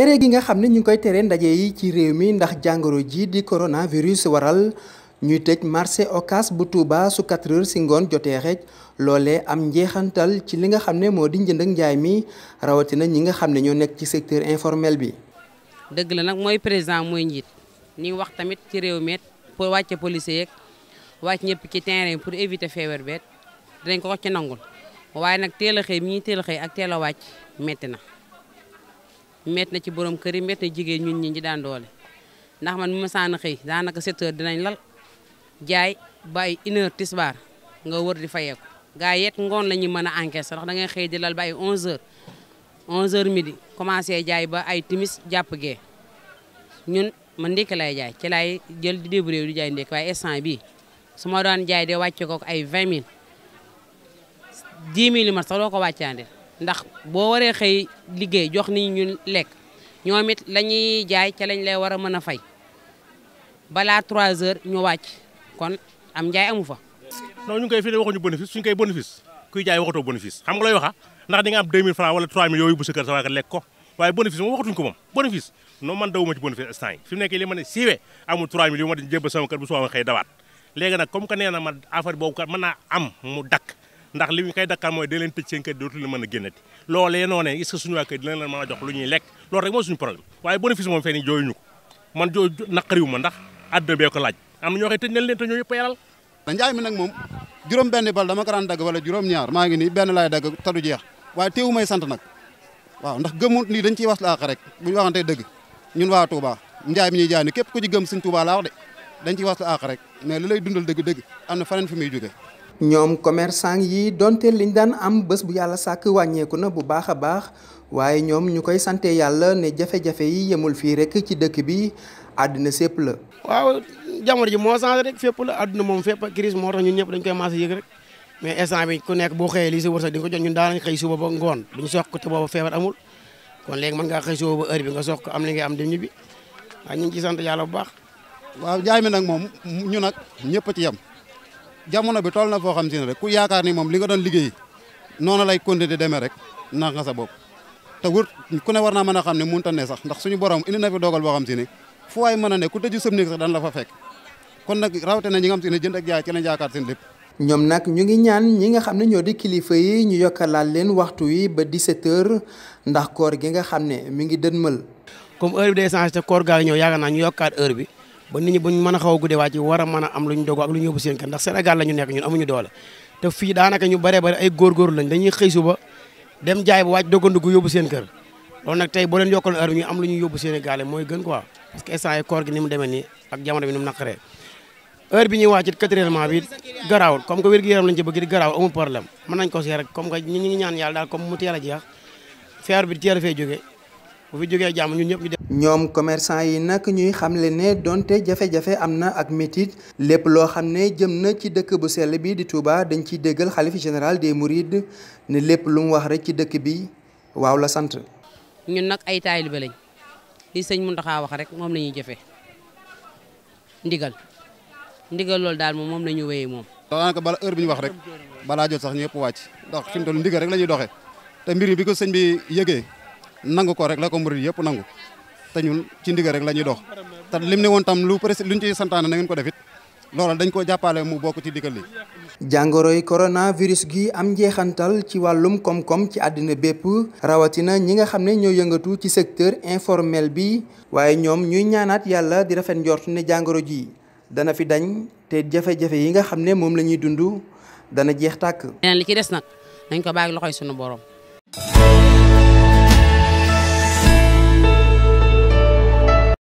tere gi nga xam ne ñu ngi koy tere ndaje yi ci réew mi ndax jàngoro ji di coronavirus waral ñuy tëj marché ocas bu Touba su quatre heures si ngoon jotee rek loolee am njeexantal ci li nga xam ne moo di jënd ak njaay mi rawatina ñi nga xam ne ñoo nekk ci secteur informel bi. dëgg la nag mooy président mooy njiit ni wax tamit ci réew mi pour wàcce policier yeeg wàcc ñëpp ci terrain pour éviter feebar beet dinañ ko wax ci nangul waaye nag teel xëy mii ñuy xëy ak teel a wàcc metti na. met na ci borom kër yi met na jigéen ñun ñi ñi daan doole ndax man mu ma saan xëy daanaka 7 dinañ lal jaay bàyyi une heure tisbaar nga wër di fayeeku gaa yet ngoon la ñu mën a encaisse ndax da ngay xëy di lal ba ay 11 heures 11 heures midi commencé jaay ba ay timis jàpp gee ñun man ndékki lay jaay ci laay jël di débrouiller di jaay ndékki waaye instant bii su ma doon jaay de wàcce ko ay vingt 000 10 000 mat sax doo ko wàccaandil ndax boo waree xëy liggéey jox nit ñu lekk ñoom it la ñuy jaay ca lañ war a mën a fay balaa 3 heures ñu wàcc kon am njaay amu fa. non ñu ngi fii de waxuñu bénéfice suñu koy jaay waxatoo bénéfice xam nga looy waxa ndax di nga am 2000 francs wala 3000 yooyu bu sa kër sa waa lekk ko waaye bénéfice moom waxatuñ ko moom bénéfice non man dawuma ci bénéfice instant yi fi mu nekk ma ne siiwee amul sama kër bu soo xëy dawaat léegi nag comme que nee na ma affaire boobu kat mën naa am mu ndax li ñu koy dakkal mooy da leen tëj seen kër dootu leen mën a génnati loolee noo ne est-ce que suñu waa kër dinañ a jox lu ñuy lekk loolu rek mooy suñu problème waaye bénéfice moom fee ni ñu ko man jooy naqariwu ma ndax àdduna bee ko laaj am na ñoo xëy tëj leen te ñoo yëpp yaral da mi nag moom juróom benn bal dama ko daan dagg wala juróom ñaar maa ngi nii benn laay dagg tadu jeex waaye teewu may sant nag waaw ndax gëmut nii dañ ciy was laax rek bu ñu waxantee dëgg ñun waa Touba njaay mi ñuy jaay képp ku ci gëm suñ Touba laa wax dañ ciy was laax rek mais li lay dundal dëgg dëgg am na faneen fi muy jóge ñoom commerçant yi donte liñ daan am bés bu yàlla sàkk wàññeeku na bu baax a baax waaye ñoom ñu koy sante yàlla ne jafe-jafe yi fii rek ci dëkk bi àddina sépp la. waaw jamono ji moo changé rek fépp la moom fépp crise moo tax ñun ñëpp dañ koy maas yëg rek bi ku nekk boo xëyee lii si wërsëg di nga ko jot ñun daan nañ xëy suba ba ngoon duñ sox ko te booba feebar amul kon léegi mën xëy suba ba bi nga sox ko am li ngay am dem ñibbi waaye ñu ngi sant yàlla bu baax. waaw jaay mi nag moom ñu nag ñëpp ci yem jamono bi toll na foo xam si ne rek ku yaakaar ni moom li nga doon liggéey noonu lay continuer demee rek nax nga sa bopp te wut ku ne war naa mën a xam ne mënut a ne sax ndax suñu borom indi na fi dogal boo xam si ne fu waay mën a ne ku tëju sëb néeg sax daan la fa fekk kon nag rawatina ñi nga xam si ne ak jaay ci lañ yaakaar seen ñoom nag ñu ngi ñaan ñi nga xam ne ñoo di kilifa yi ñu yokkalaal leen waxtu wi ba 17h ndax koor gi nga xam ne mi ngi dënmal. comme heure bi day changé te koor gaa ngi ñëw yaakaar naa heure bi ba nit ñi buñ mën a xaw a guddee waa ci war a mën a am lu ñu dogu ak lu ñu yóbbu seen kër ndax Sénégal la nekk ñun amuñu doole te fii daanaka ñu baree bari ay góorgóorlu lañ dañuy xëy suba dem jaay ba wàcc dogandugu yóbbu seen kër loolu nag tey boo leen yokkal heure bi ñu am ñu yóbbu Sénégal mooy gën quoi parce que instant yi koor gi ni mu demee nii ak jamono bi ni mu naqaree heure bi ñuy wàccit quatrièmement bi garaawul comme que wér-gu-yaram lañu ci bëgg di garaaw amul problème bu jógee jàmm ñun ñëpp ñu dem. ñoom commerçant yi nag ñuy xamle ne donte jafe-jafe am na ak metit lépp loo xam ne jëm na ci dëkk bu sell bi di Touba dañ ciy déggal xalif général de Mourides ne lépp lu mu wax rek ci dëkk bi waaw la sant. ñun nag ay taalibe lañ li sëñ Mountakha wax rek moom lañuy jafe jëfee ndigal ndigal loolu daal moom moom la ñu wéyee moom. daanaka bala heure bi ñu wax rek balaa jot sax ñëpp wàcc ndax fi mu toll ndigal rek lañuy ñuy doxee te mbir bi ko sëñ bi yëgee. nangu ko rek la ko murid yëpp nangu te ñun ci ndigal rek la ñuy dox te lim ne woon tam lu presi luñ ci santaane na ko def it loolu dañ ko jàppale mu bokk ci digal li jàngoroy coronavirus gi am njeexantal ci wàllum koom-koom ci àddina bépp rawatina ñi nga xam ne ñoo yëngatu ci secteur informel bi waaye ñoom ñuy ñaanaat yàlla di rafet njort ne jàngoro ji dana fi dañ te jafe-jafe yi nga xam ne moom la ñuy dund dana jeex tàkk. li ci des nag dañ ko bàyyi loxoy sunu borom.